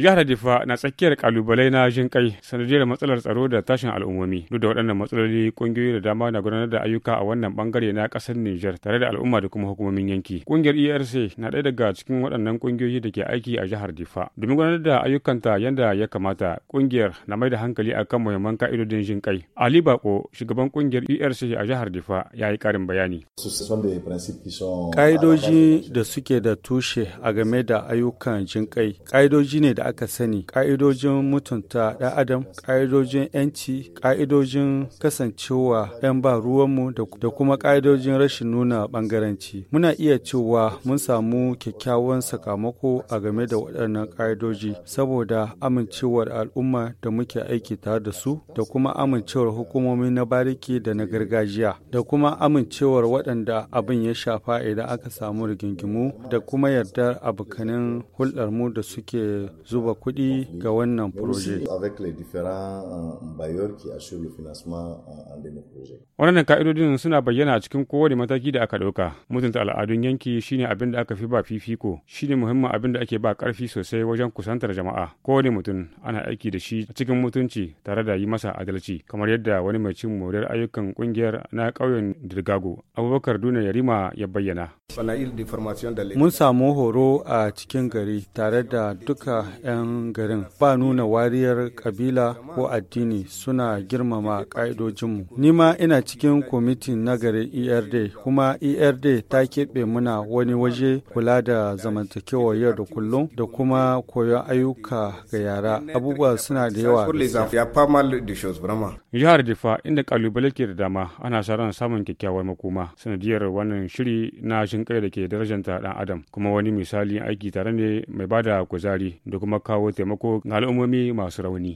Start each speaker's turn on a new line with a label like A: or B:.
A: Jihar Difa na tsakiyar kalubalai na jin kai sanadiyar matsalar tsaro da tashin al'ummomi. Duk da waɗannan matsaloli kungiyoyi da dama na gudanar da ayyuka a wannan bangare na ƙasar Nijar tare da al'umma da kuma hukumomin yanki. Kungiyar ERC na ɗaya daga cikin waɗannan kungiyoyi da ke aiki a jihar Difa. Domin gudanar da ayyukanta yadda ya kamata, kungiyar na mai da hankali akan muhimman ka'idodin jin kai. Ali Bako, shugaban kungiyar ERC
B: a jihar Difa, ya yi ƙarin bayani. Ka'idoji da suke da tushe a game da ayyukan jin kai. Ka'idoji ne da aka sani ƙa'idojin mutunta ɗan adam ƙa'idojin 'yanci ƙa'idojin kasancewa 'yan ba ruwanmu da kuma ƙa'idojin rashin nuna ɓangaranci muna iya cewa mun samu kyakkyawan sakamako a game da waɗannan ƙa'idoji saboda amincewar al'umma da muke aiki tare da su da kuma amincewar hukumomi na bariki da na gargajiya da kuma amincewar waɗanda abin ya shafa idan aka samu rigingimu da kuma yardar abokanin hulɗarmu da suke zuwa zuba kuɗi ga wannan proje.
C: Euh, euh,
A: wannan ka'idodin suna bayyana a cikin kowane mataki da aka ɗauka. Mutunta al'adun yanki shine abin da aka fi ba fifiko, shine muhimmin abin da ake ba ƙarfi sosai wajen kusantar jama'a. Kowane mutum ana aiki da shi a cikin mutunci tare da yi masa adalci, kamar yadda wani mai cin moriyar ayyukan ƙungiyar
B: na ƙauyen Dirgago, Abubakar Duna Yarima ya bayyana. Mun samu horo a cikin gari tare da duka 'yan garin ba nuna wariyar kabila ko addini suna girmama ƙa'idojinmu. Nima ina cikin kwamitin na garin ERD kuma ERD ta keɓe muna wani waje kula da zamantakewa yau da kullum da kuma koyon ayyuka ga yara. Abubuwa
C: suna da yawa.
B: Jihar
A: Difa inda kalubale ke da dama ana sa ran samun kyakkyawar makoma sanadiyar wannan shiri na shinkai da ke darajanta dan adam kuma wani misali aiki tare ne mai bada kuzari da kuma kuma kawo taimako ga al'ummomi masu rauni.